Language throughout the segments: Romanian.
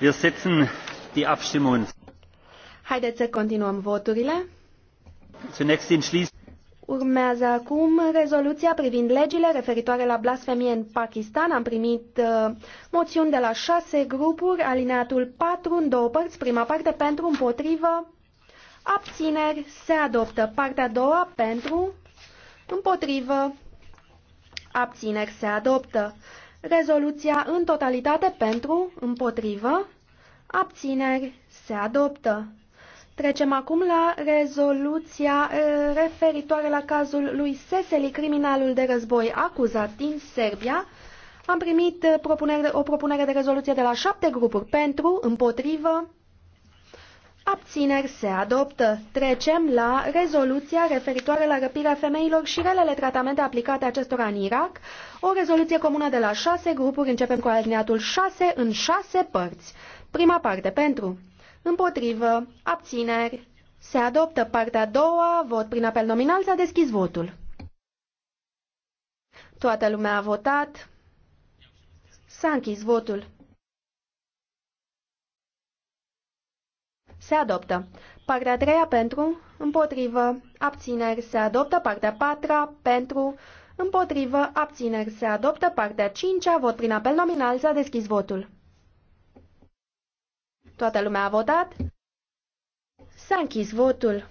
Wir setzen die Abstimmung. Haideți să continuăm voturile. Zunächst den Urmează acum rezoluția privind legile referitoare la blasfemie în Pakistan. Am primit uh, moțiuni de la șase grupuri, alineatul 4 în două părți, prima parte pentru, împotrivă, abțineri, se adoptă. Partea a doua pentru, împotrivă, abțineri, se adoptă. Rezoluția în totalitate pentru, împotrivă, abțineri, se adoptă. Trecem acum la rezoluția eh, referitoare la cazul lui Seseli, criminalul de război acuzat din Serbia. Am primit eh, propunere, o propunere de rezoluție de la șapte grupuri pentru, împotrivă, Abțineri se adoptă. Trecem la rezoluția referitoare la răpirea femeilor și relele tratamente aplicate acestora în Irak. O rezoluție comună de la șase grupuri. Începem cu alineatul șase în șase părți. Prima parte pentru. Împotrivă. Abțineri. Se adoptă partea a doua. Vot prin apel nominal. S-a deschis votul. Toată lumea a votat. S-a închis votul. se adoptă. Partea a treia pentru, împotrivă, abțineri se adoptă. Partea a patra pentru, împotrivă, abțineri se adoptă. Partea a cincea, vot prin apel nominal, s-a deschis votul. Toată lumea a votat. S-a închis votul.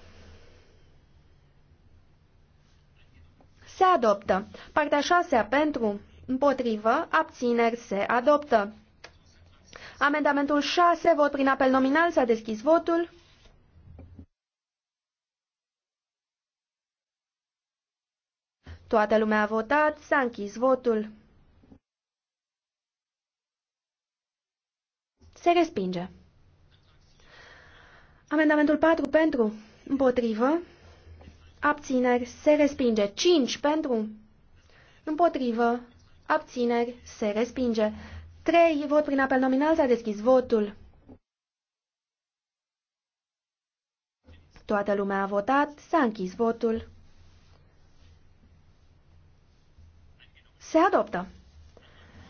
Se adoptă. Partea a șasea pentru, împotrivă, abțineri se adoptă. Amendamentul 6, vot prin apel nominal, s-a deschis votul. Toată lumea a votat, s-a închis votul. Se respinge. Amendamentul 4 pentru, împotrivă, abțineri, se respinge. 5 pentru, împotrivă, abțineri, se respinge. 3. Vot prin apel nominal. S-a deschis votul. Toată lumea a votat. S-a închis votul. Se adoptă.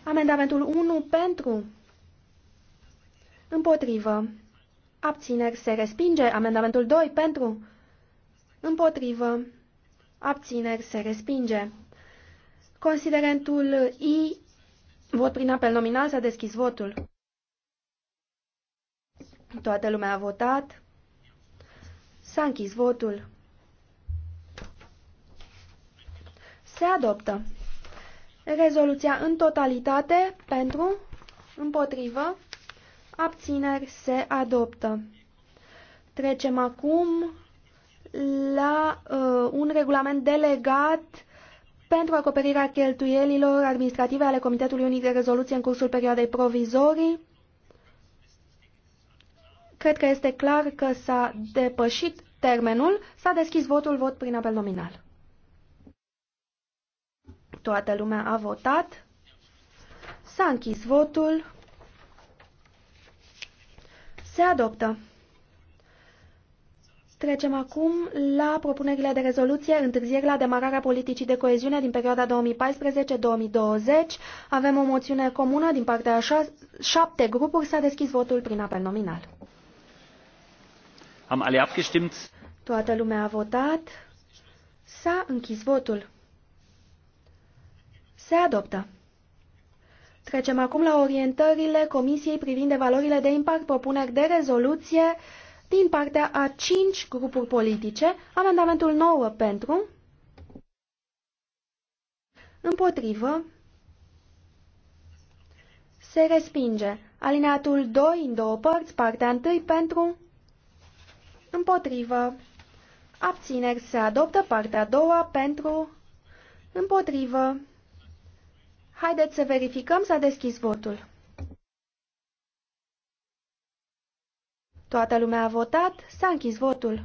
Amendamentul 1 pentru. Împotrivă. Abțineri se respinge. Amendamentul 2 pentru. Împotrivă. Abțineri se respinge. Considerentul I Vot prin apel nominal s-a deschis votul. Toată lumea a votat. S-a închis votul. Se adoptă. Rezoluția în totalitate pentru, împotrivă, abțineri se adoptă. Trecem acum la uh, un regulament delegat pentru acoperirea cheltuielilor administrative ale Comitetului Unic de Rezoluție în cursul perioadei provizorii. Cred că este clar că s-a depășit termenul. S-a deschis votul, vot prin apel nominal. Toată lumea a votat. S-a închis votul. Se adoptă. Trecem acum la propunerile de rezoluție, întârzieri la demararea politicii de coeziune din perioada 2014-2020. Avem o moțiune comună din partea a șapte grupuri. S-a deschis votul prin apel nominal. Am alle abgestimmt. Toată lumea a votat. S-a închis votul. Se adoptă. Trecem acum la orientările Comisiei privind de valorile de impact propuneri de rezoluție din partea a cinci grupuri politice, amendamentul 9 pentru, împotrivă, se respinge. Alineatul 2 în două părți, partea 1 pentru, împotrivă, abțineri se adoptă, partea a doua pentru, împotrivă. Haideți să verificăm, s-a deschis votul. Toată lumea a votat, s-a închis votul.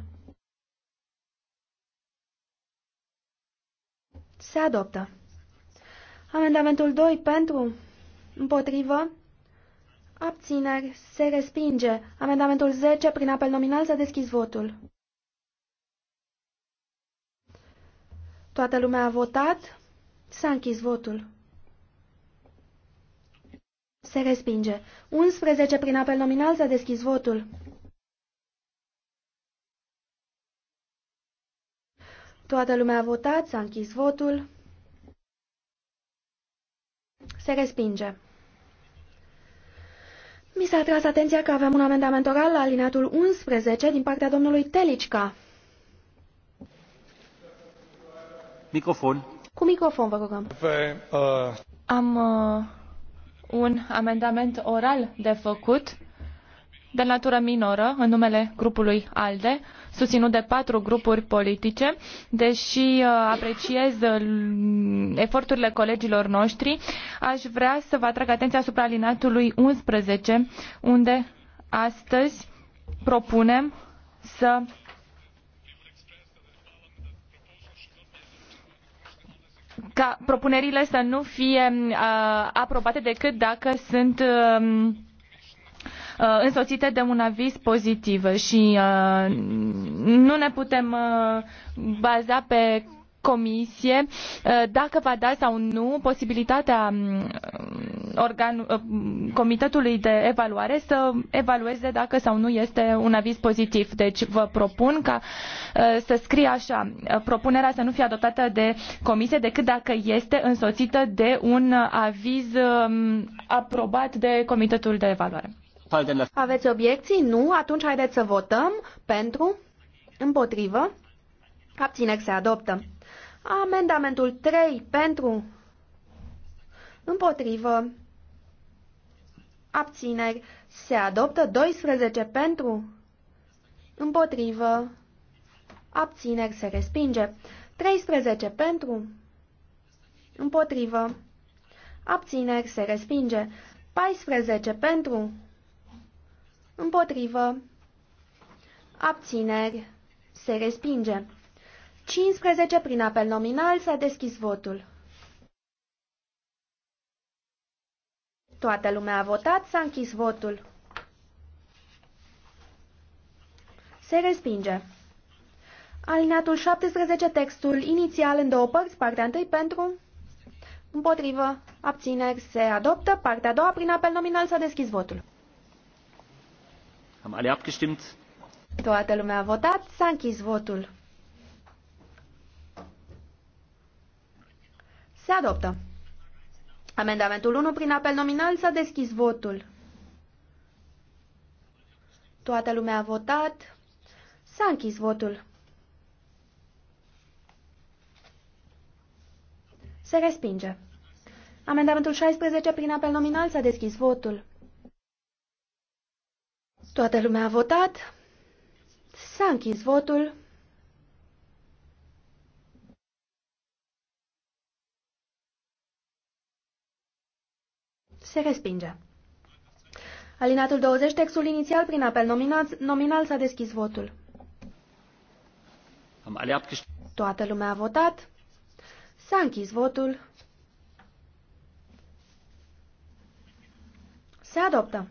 Se adoptă. Amendamentul 2 pentru, împotrivă, abțineri, se respinge. Amendamentul 10 prin apel nominal s-a deschis votul. Toată lumea a votat, s-a închis votul. Se respinge. 11 prin apel nominal s-a deschis votul. Toată lumea a votat, s-a închis votul. Se respinge. Mi s-a atras atenția că avem un amendament oral la alineatul 11 din partea domnului Telicca. Microfon. Cu microfon, vă rugăm. Pe, uh... Am uh, un amendament oral de făcut de natură minoră în numele grupului ALDE, susținut de patru grupuri politice, deși uh, apreciez uh, eforturile colegilor noștri, aș vrea să vă atrag atenția asupra alinatului 11, unde astăzi propunem să ca propunerile să nu fie uh, aprobate decât dacă sunt uh, Uh, însoțite de un aviz pozitiv și uh, nu ne putem uh, baza pe comisie dacă va da sau nu posibilitatea um, organ, comitetului de evaluare să evalueze dacă sau nu este un aviz pozitiv. Deci vă propun ca să scrie așa, propunerea să nu fie adoptată de comisie decât dacă este însoțită de un aviz um, aprobat de comitetul de evaluare. Aveți obiecții? Nu? Atunci haideți să votăm pentru, împotrivă, abțineri se adoptă. Amendamentul 3 pentru, împotrivă, abțineri se adoptă. 12 pentru, împotrivă, abțineri se respinge. 13 pentru, împotrivă, abțineri se respinge. 14 pentru, împotrivă, abțineri, se respinge. 15 prin apel nominal s-a deschis votul. Toată lumea a votat, s-a închis votul. Se respinge. Alineatul 17, textul inițial în două părți, partea întâi pentru, împotrivă, abțineri, se adoptă, partea a doua prin apel nominal s-a deschis votul. Am abgestimmt? Toată lumea a votat, s-a închis votul. Se adoptă. Amendamentul 1 prin apel nominal s-a deschis votul. Toată lumea a votat. S-a închis votul. Se respinge. Amendamentul 16 prin apel nominal s-a deschis votul. Toată lumea a votat. S-a închis votul. Se respinge. Alinatul 20, textul inițial prin apel nominal, nominal s-a deschis votul. Toată lumea a votat. S-a închis votul. Se adoptă.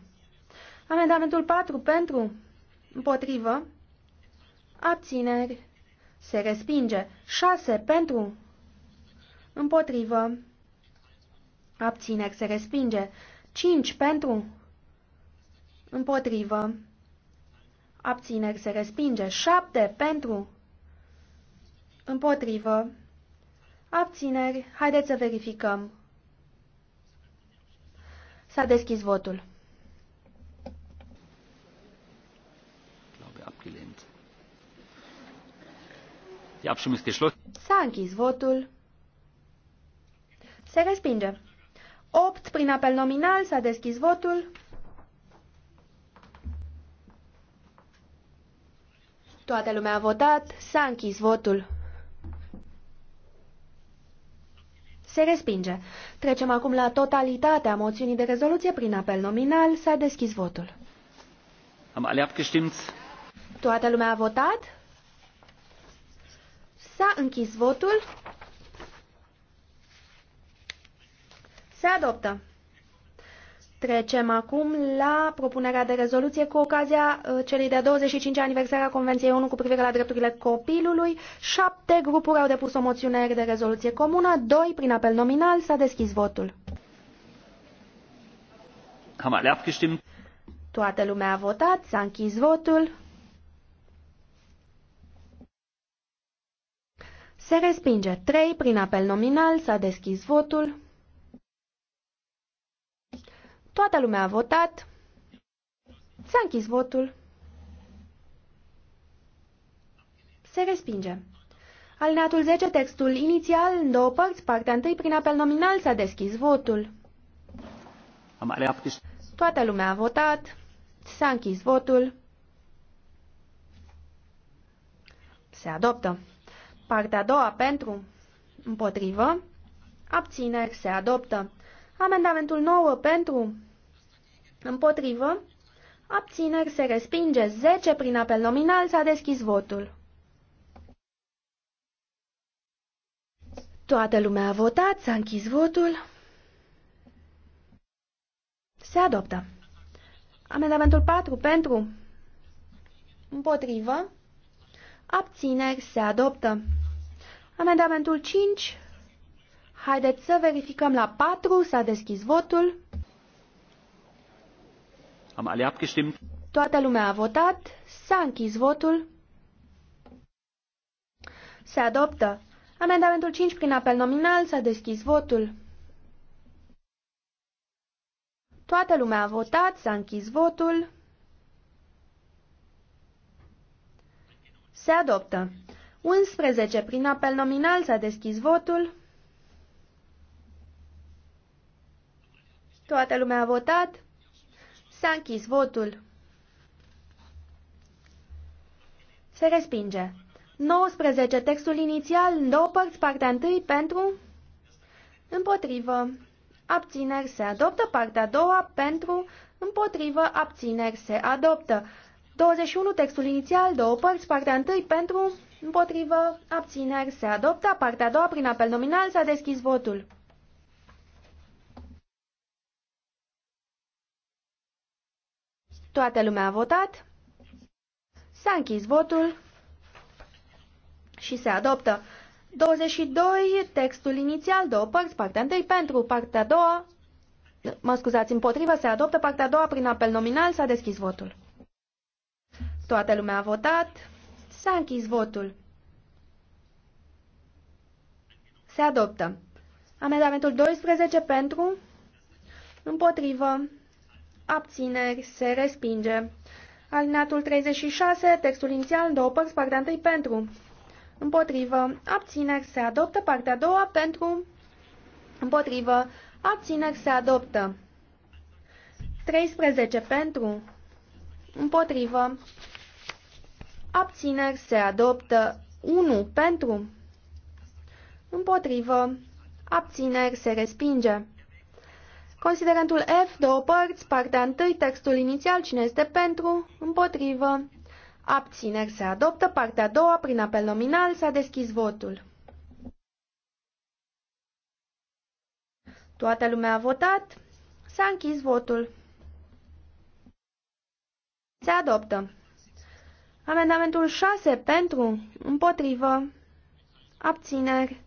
Amendamentul 4 pentru, împotrivă, abțineri, se respinge. 6 pentru, împotrivă, abțineri, se respinge. 5 pentru, împotrivă, abțineri, se respinge. 7 pentru, împotrivă, abțineri, haideți să verificăm. S-a deschis votul. S-a închis votul. Se respinge. 8 prin apel nominal s-a deschis votul. Toată lumea a votat, s-a închis votul. Se respinge. Trecem acum la totalitatea moțiunii de rezoluție prin apel nominal. S-a deschis votul. Am alle abgestimmt? Toată lumea a votat? S-a închis votul. Se adoptă. Trecem acum la propunerea de rezoluție cu ocazia uh, celei de-a 25 aniversare a Convenției ONU cu privire la drepturile copilului. Șapte grupuri au depus o moțiune de rezoluție comună, doi prin apel nominal. S-a deschis votul. Toată lumea a votat, s-a închis votul. Se respinge 3 prin apel nominal, s-a deschis votul. Toată lumea a votat. S-a închis votul. Se respinge. Alineatul 10, textul inițial, în două părți, partea 1 prin apel nominal, s-a deschis votul. Toată lumea a votat. S-a închis votul. Se adoptă. Partea a doua pentru, împotrivă, abțineri se adoptă. Amendamentul 9 pentru, împotrivă, abțineri se respinge. 10 prin apel nominal s-a deschis votul. Toată lumea a votat, s-a închis votul. Se adoptă. Amendamentul 4 pentru, împotrivă, Abțineri se adoptă. Amendamentul 5. Haideți să verificăm la 4. S-a deschis votul. Am alle abgestimmt. Toată lumea a votat. S-a închis votul. Se adoptă. Amendamentul 5 prin apel nominal s-a deschis votul. Toată lumea a votat, s-a închis votul. Se adoptă. 11. Prin apel nominal s-a deschis votul. Toată lumea a votat. S-a închis votul. Se respinge. 19. Textul inițial în două părți, partea 1 pentru, împotrivă, abțineri se adoptă, partea a doua pentru, împotrivă, abțineri se adoptă. 21, textul inițial, două părți, partea 1 pentru, împotrivă, abțineri, se adoptă, partea a doua, prin apel nominal, s-a deschis votul. Toată lumea a votat, s-a închis votul și se adoptă. 22, textul inițial, două părți, partea 1 pentru, partea a doua, mă scuzați, împotrivă, se adoptă, partea a doua, prin apel nominal, s-a deschis votul. Toată lumea a votat. S-a închis votul. Se adoptă. Amendamentul 12 pentru, împotrivă, abțineri, se respinge. Alineatul 36, textul inițial două părți, partea 1 pentru, împotrivă, abțineri, se adoptă, partea a doua pentru, împotrivă, abțineri, se adoptă. 13 pentru, împotrivă, abțineri se adoptă 1 pentru, împotrivă, abțineri se respinge. Considerentul F, două părți, partea 1, textul inițial, cine este pentru, împotrivă, abțineri se adoptă, partea a doua, prin apel nominal, s-a deschis votul. Toată lumea a votat, s-a închis votul. Se adoptă. Amendamentul 6 pentru, împotrivă, abțineri.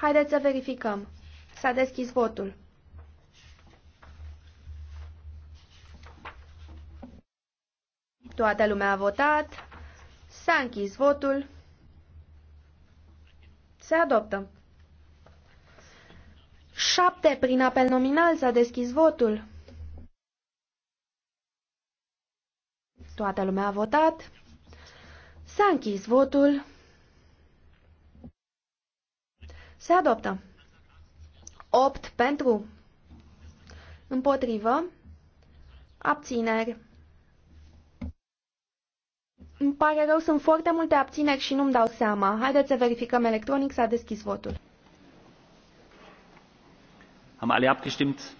Haideți să verificăm. S-a deschis votul. Toată lumea a votat. S-a închis votul. Se adoptă. 7. Prin apel nominal s-a deschis votul. Toată lumea a votat. S-a închis votul. Se adoptă. 8 pentru. Împotrivă. Abțineri. Îmi pare rău, sunt foarte multe abțineri și nu-mi dau seama. Haideți să verificăm electronic, s-a deschis votul. Am alea abgestimmt?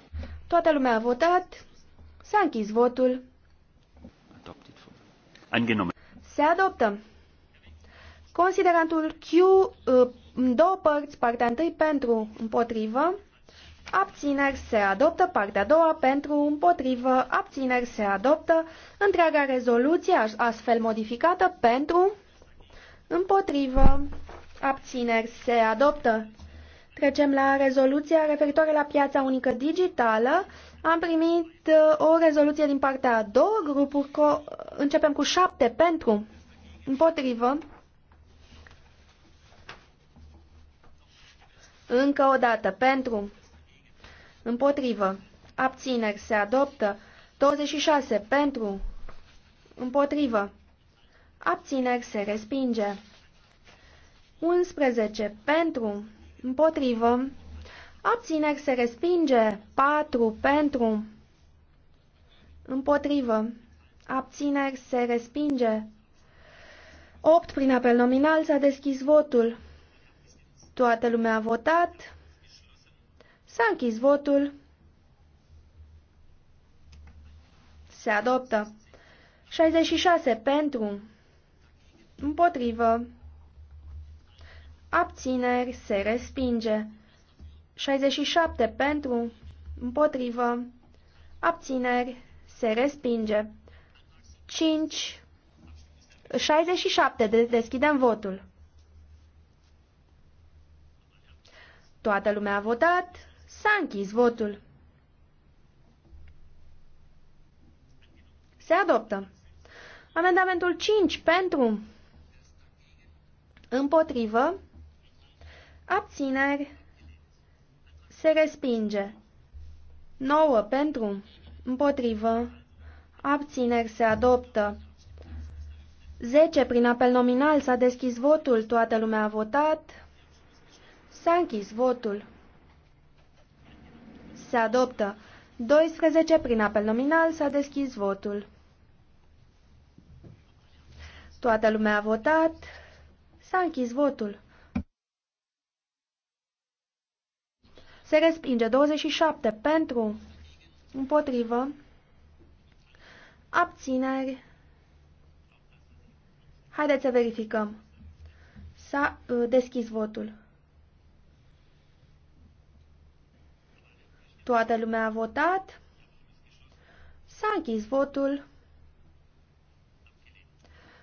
Toată lumea a votat. S-a închis votul angenommen. Se adoptă. Considerantul Q uh, în două părți, partea întâi pentru împotrivă, abțineri se adoptă, partea a doua pentru împotrivă, abțineri se adoptă, întreaga rezoluție astfel modificată pentru împotrivă, abțineri se adoptă. Trecem la rezoluția referitoare la piața unică digitală. Am primit uh, o rezoluție din partea a două grupuri. Începem cu șapte pentru, împotrivă. Încă o dată, pentru, împotrivă, abțineri se adoptă, 26 pentru, împotrivă, abțineri se respinge, 11 pentru, împotrivă, Abțineri se respinge. 4 pentru. Împotrivă. Abțineri se respinge. 8 prin apel nominal s-a deschis votul. Toată lumea a votat. S-a închis votul. Se adoptă. 66 pentru. Împotrivă. Abțineri se respinge. 67 pentru, împotrivă, abțineri, se respinge. 5, 67, de deschidem votul. Toată lumea a votat, s-a închis votul. Se adoptă. Amendamentul 5 pentru, împotrivă, abțineri, se respinge. 9 pentru. Împotrivă. Abțineri se adoptă. 10 prin apel nominal s-a deschis votul. Toată lumea a votat. S-a închis votul. Se adoptă. 12 prin apel nominal s-a deschis votul. Toată lumea a votat. S-a închis votul. Se respinge 27 pentru, împotrivă, abțineri. Haideți să verificăm. S-a uh, deschis votul. Toată lumea a votat. S-a închis votul.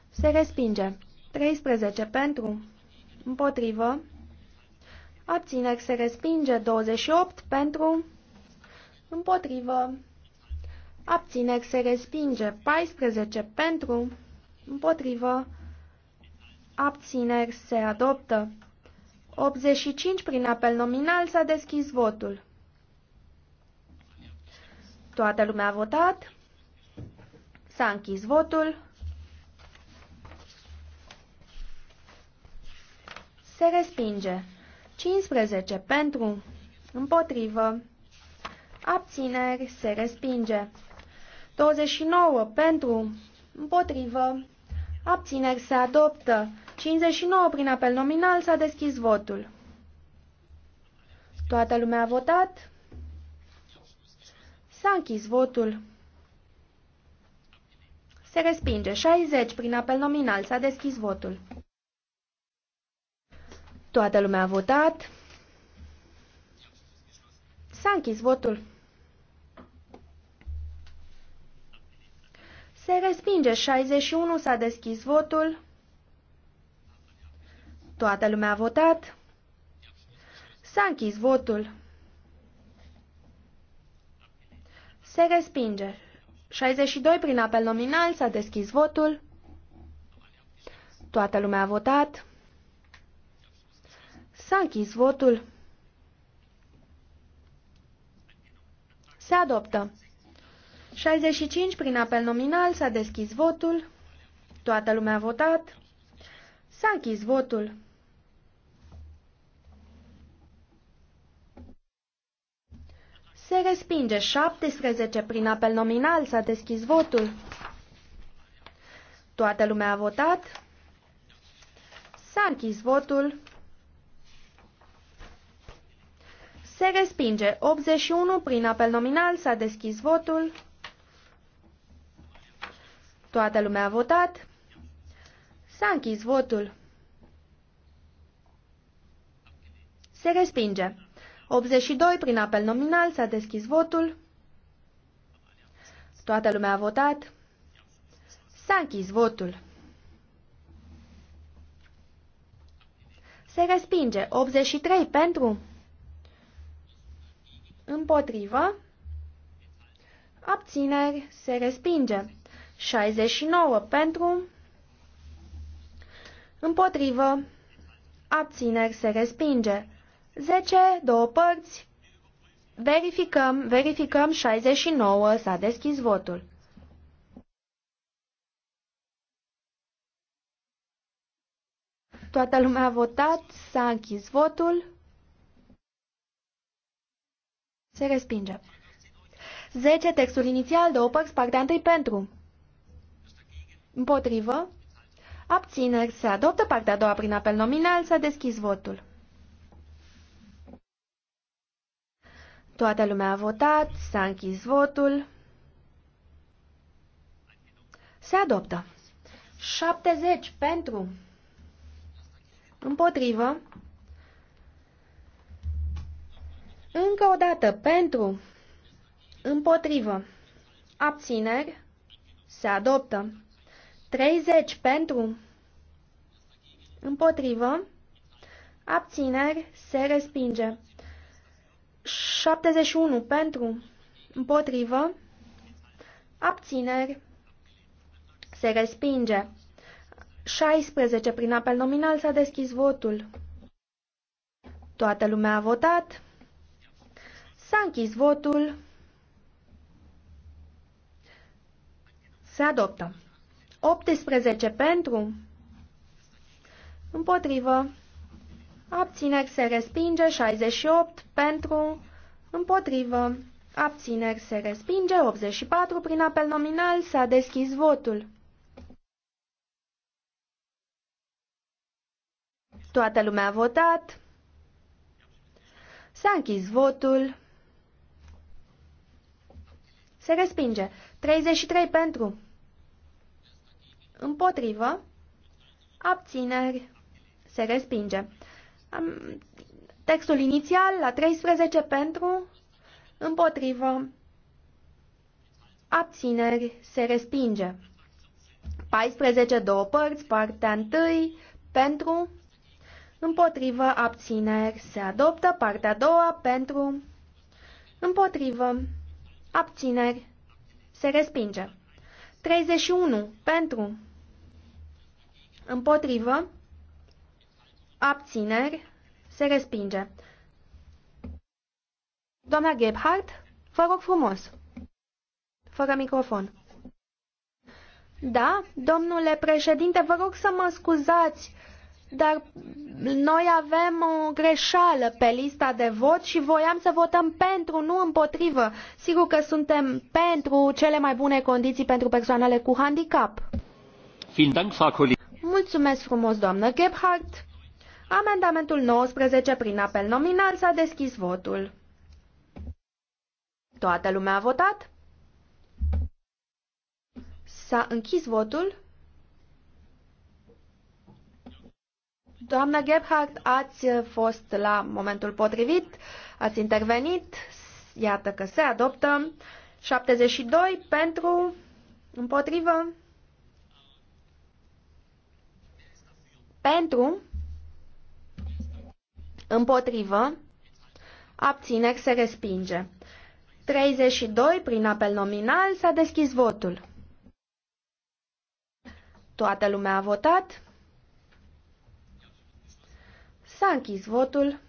Se respinge. 13 pentru, împotrivă, Abțineri se respinge 28 pentru, împotrivă. Abțineri se respinge 14 pentru, împotrivă. Abțineri se adoptă 85 prin apel nominal s-a deschis votul. Toată lumea a votat. S-a închis votul. Se respinge. 15 pentru, împotrivă, abțineri, se respinge. 29 pentru, împotrivă, abțineri, se adoptă. 59 prin apel nominal s-a deschis votul. Toată lumea a votat? S-a închis votul. Se respinge. 60 prin apel nominal s-a deschis votul. Toată lumea a votat. S-a închis votul. Se respinge 61, s-a deschis votul. Toată lumea a votat. S-a închis votul. Se respinge. 62 prin apel nominal s-a deschis votul. Toată lumea a votat. S-a închis votul. Se adoptă. 65 prin apel nominal s-a deschis votul. Toată lumea a votat. S-a închis votul. Se respinge 17 prin apel nominal s-a deschis votul. Toată lumea a votat. S-a închis votul. Se respinge. 81 prin apel nominal s-a deschis votul. Toată lumea a votat. S-a închis votul. Se respinge. 82 prin apel nominal s-a deschis votul. Toată lumea a votat. S-a închis votul. Se respinge. 83 pentru. Împotrivă. Abțineri. Se respinge. 69 pentru. Împotrivă. Abțineri. Se respinge. 10. Două părți. Verificăm. Verificăm 69. S-a deschis votul. Toată lumea a votat, s-a închis votul. Se respinge. 10. Textul inițial, două părți, partea întâi pentru. Împotrivă. Abțineri. Se adoptă partea a doua prin apel nominal. S-a deschis votul. Toată lumea a votat. S-a închis votul. Se adoptă. 70 pentru. Împotrivă. Încă o dată, pentru, împotrivă, abțineri, se adoptă. 30 pentru, împotrivă, abțineri, se respinge. 71 pentru, împotrivă, abțineri, se respinge. 16 prin apel nominal s-a deschis votul. Toată lumea a votat. S-a închis votul. Se adoptă. 18 pentru. Împotrivă. Abțineri se respinge. 68 pentru. Împotrivă. Abțineri se respinge. 84 prin apel nominal. S-a deschis votul. Toată lumea a votat. S-a închis votul. Se respinge. 33 pentru. Împotrivă. Abțineri. Se respinge. Textul inițial la 13 pentru. Împotrivă. Abțineri. Se respinge. 14 două părți, partea 1 pentru. Împotrivă. Abțineri. Se adoptă. Partea a doua pentru. Împotrivă. Abțineri. Se respinge. 31. Pentru. Împotrivă. Abțineri. Se respinge. Doamna Gebhardt, vă rog frumos. Fără microfon. Da, domnule președinte, vă rog să mă scuzați dar noi avem o greșeală pe lista de vot și voiam să votăm pentru, nu împotrivă. Sigur că suntem pentru cele mai bune condiții pentru persoanele cu handicap. Mulțumesc frumos, doamnă Gebhardt. Amendamentul 19 prin apel nominal s-a deschis votul. Toată lumea a votat? S-a închis votul? Doamna Gebhardt, ați fost la momentul potrivit, ați intervenit, iată că se adoptă 72 pentru, împotrivă, pentru, împotrivă, abțineri se respinge. 32 prin apel nominal s-a deschis votul. Toată lumea a votat. S-a închis votul.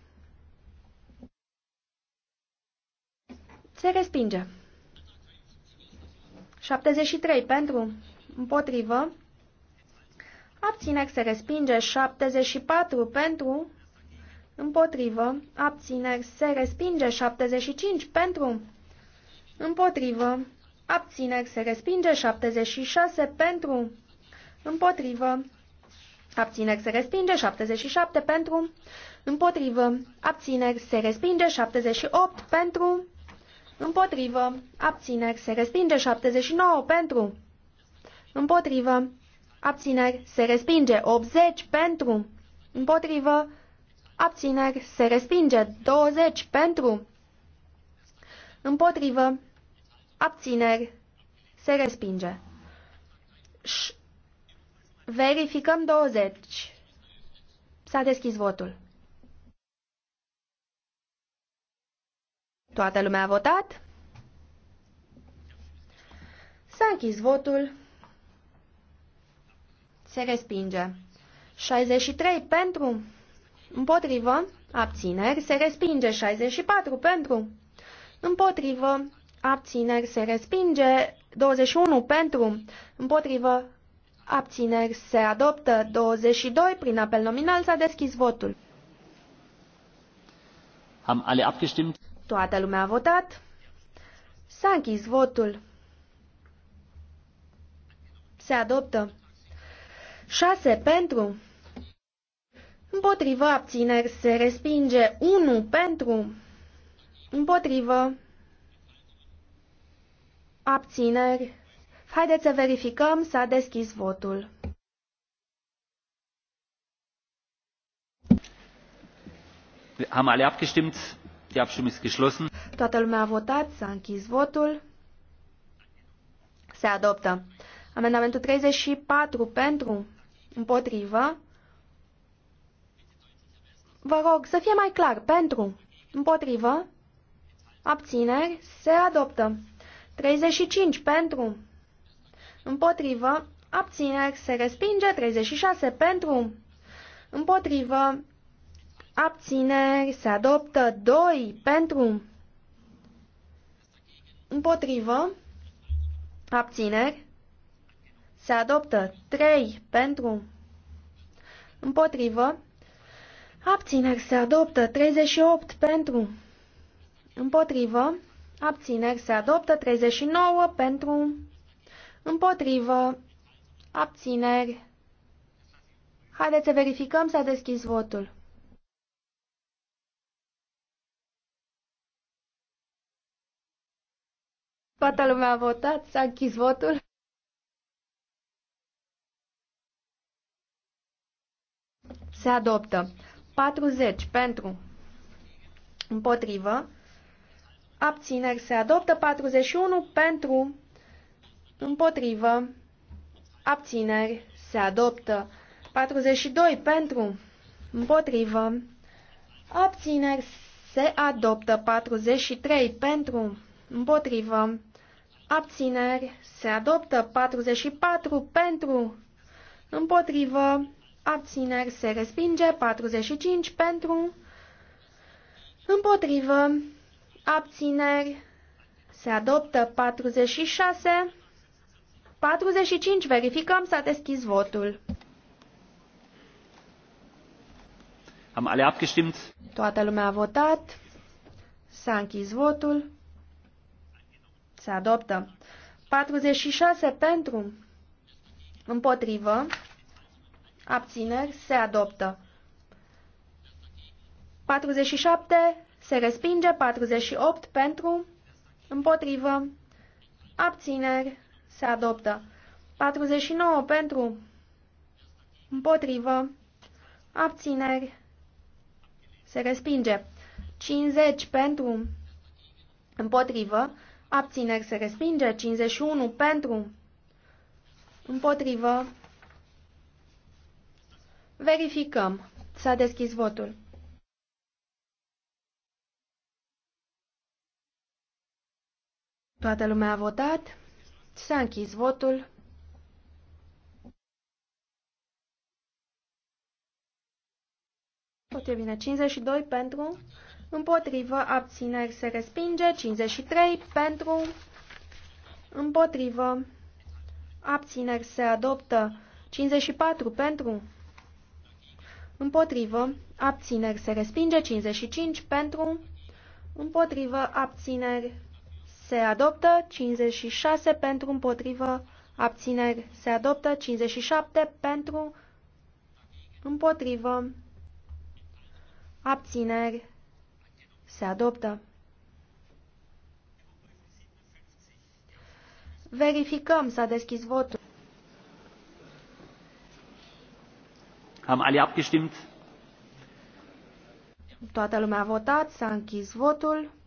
Se respinge. 73 pentru, împotrivă. Abțineri se respinge. 74 pentru, împotrivă. Abțineri se respinge. 75 pentru, împotrivă. Abțineri se respinge. 76 pentru, împotrivă. Abțineri se respinge 77 pentru, împotrivă. Abțineri se respinge 78 pentru, împotrivă. Abțineri se respinge 79 pentru, împotrivă. Abțineri se respinge 80 pentru, împotrivă. Abțineri se respinge 20 pentru, împotrivă. Abțineri se respinge. Ș Verificăm 20. S-a deschis votul. Toată lumea a votat? S-a închis votul. Se respinge. 63 pentru. Împotrivă. Abțineri. Se respinge. 64 pentru. Împotrivă. Abțineri. Se respinge. 21 pentru. Împotrivă. Abțineri se adoptă 22 prin apel nominal s-a deschis votul. Am alle abgestimmt? Toată lumea a votat. S-a închis votul. Se adoptă 6 pentru. Împotrivă abțineri se respinge 1 pentru. Împotrivă abțineri Haideți să verificăm, s-a deschis votul. Am alle abgestimmt? Die Abstimmung ist geschlossen. Toată lumea a votat, s-a închis votul. Se adoptă. Amendamentul 34 pentru, împotrivă. Vă rog să fie mai clar, pentru, împotrivă, abțineri, se adoptă. 35 pentru, împotrivă, abțineri se respinge, 36 pentru, împotrivă, abțineri se adoptă, 2 pentru, împotrivă, abțineri se adoptă, 3 pentru, împotrivă, abțineri se adoptă, 38 pentru, împotrivă, abțineri se adoptă, 39 pentru, Împotrivă. Abțineri. Haideți să verificăm, s-a deschis votul. Toată lumea a votat, s-a închis votul. Se adoptă. 40 pentru împotrivă. Abțineri se adoptă. 41 pentru împotrivă, abțineri, se adoptă. 42 pentru, împotrivă, abțineri, se adoptă. 43 pentru, împotrivă, abțineri, se adoptă. 44 pentru, împotrivă, abțineri, se respinge. 45 pentru, împotrivă, abțineri, se adoptă. 46 45. Verificăm. S-a deschis votul. Am alle abgestimmt? Toată lumea a votat. S-a închis votul. Se adoptă. 46 pentru. Împotrivă. Abțineri. Se adoptă. 47. Se respinge. 48 pentru. Împotrivă. Abțineri se adoptă. 49 pentru, împotrivă, abțineri, se respinge. 50 pentru, împotrivă, abțineri, se respinge. 51 pentru, împotrivă, verificăm. S-a deschis votul. Toată lumea a votat. S-a închis votul. Tot 52 pentru, împotrivă, abțineri se respinge. 53 pentru, împotrivă, abțineri se adoptă. 54 pentru, împotrivă, abțineri se respinge. 55 pentru, împotrivă, abțineri se adoptă, 56 pentru împotrivă, abțineri se adoptă, 57 pentru împotrivă, abțineri se adoptă. Verificăm, s-a deschis votul. Am alle abgestimmt? Toată lumea a votat, s-a închis votul.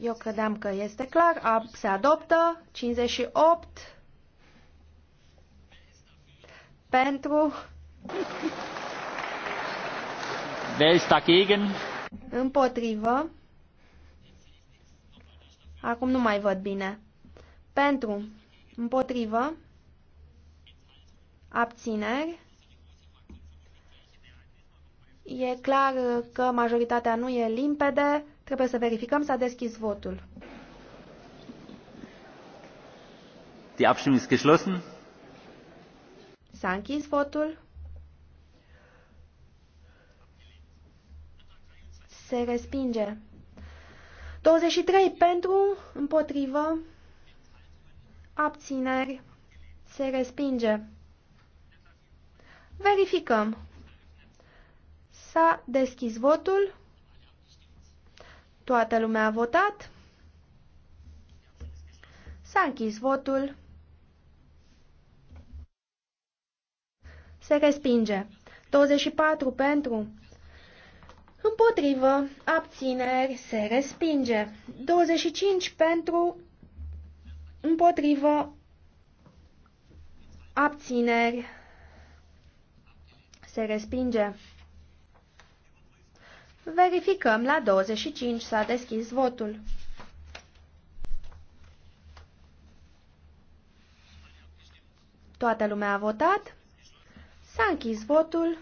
Eu credeam că este clar. Se adoptă 58 pentru. Wer ist dagegen? Împotrivă. Acum nu mai văd bine. Pentru. Împotrivă. Abțineri. E clar că majoritatea nu e limpede. Trebuie să verificăm. S-a deschis votul. Die Abstimmung ist geschlossen. S-a închis votul. Se respinge. 23 pentru, împotrivă, abțineri, se respinge. Verificăm. S-a deschis votul. Toată lumea a votat. S-a închis votul. Se respinge. 24 pentru. Împotrivă. Abțineri. Se respinge. 25 pentru. Împotrivă. Abțineri. Se respinge. Verificăm la 25 s-a deschis votul. Toată lumea a votat. S-a închis votul.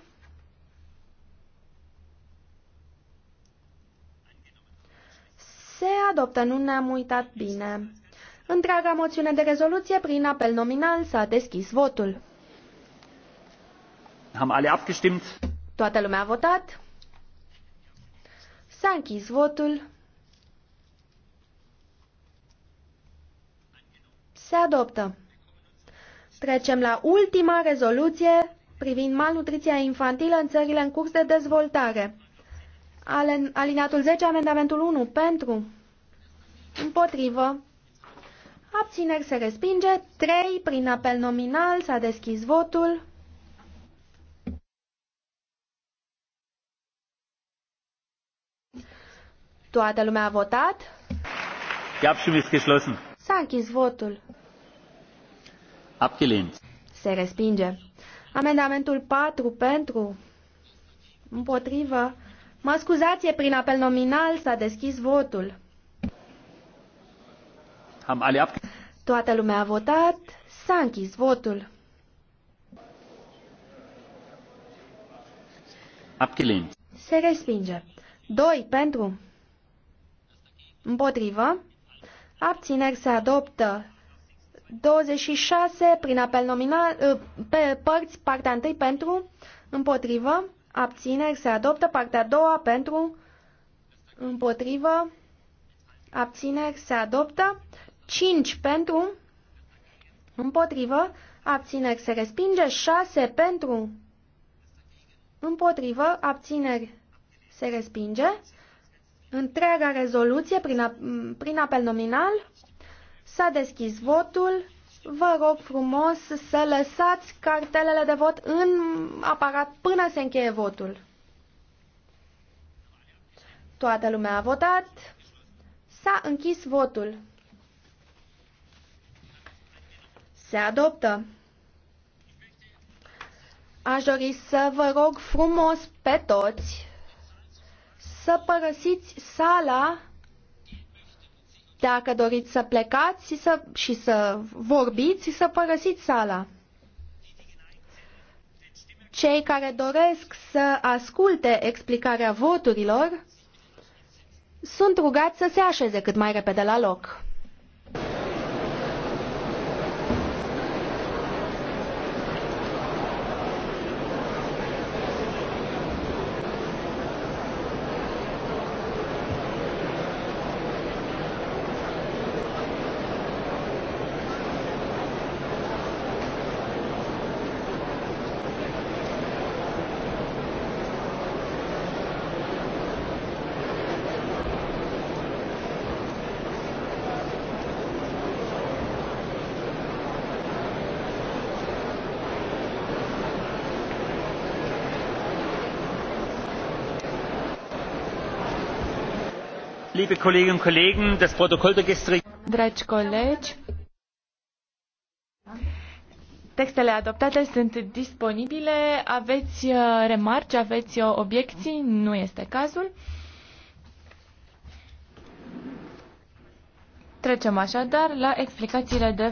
Se adoptă, nu ne-am uitat bine. Întreaga moțiune de rezoluție prin apel nominal s-a deschis votul. Am Toată lumea a votat. S-a închis votul. Se adoptă. Trecem la ultima rezoluție privind malnutriția infantilă în țările în curs de dezvoltare. Alinatul 10, amendamentul 1, pentru, împotrivă, abțineri se respinge, 3, prin apel nominal, s-a deschis votul. Toată lumea a votat? S-a închis votul. Abgelehnt. Se respinge. Amendamentul 4 pentru. Împotrivă. Mă scuzați, prin apel nominal, s-a deschis votul. Am alle Toată lumea a votat, s-a închis votul. Abgelehnt. Se respinge. 2 pentru. Împotrivă. Abțineri se adoptă. 26 prin apel nominal, uh, pe părți, partea 1 pentru, împotrivă, abțineri se adoptă, partea a doua pentru, împotrivă, abțineri se adoptă, 5 pentru, împotrivă, abțineri se respinge, 6 pentru, împotrivă, abțineri se respinge, întreaga rezoluție prin, ap prin apel nominal. S-a deschis votul. Vă rog frumos să lăsați cartelele de vot în aparat până se încheie votul. Toată lumea a votat. S-a închis votul. Se adoptă. Aș dori să vă rog frumos pe toți să părăsiți sala dacă doriți să plecați și să, și să vorbiți, să părăsiți sala. Cei care doresc să asculte explicarea voturilor sunt rugați să se așeze cât mai repede la loc. liebe Kolleginnen und Kollegen, das Protokoll der gestrigen. Dragi colegi, textele adoptate sunt disponibile. Aveți uh, remarci, aveți uh, obiecții? Nu este cazul. Trecem așadar la explicațiile de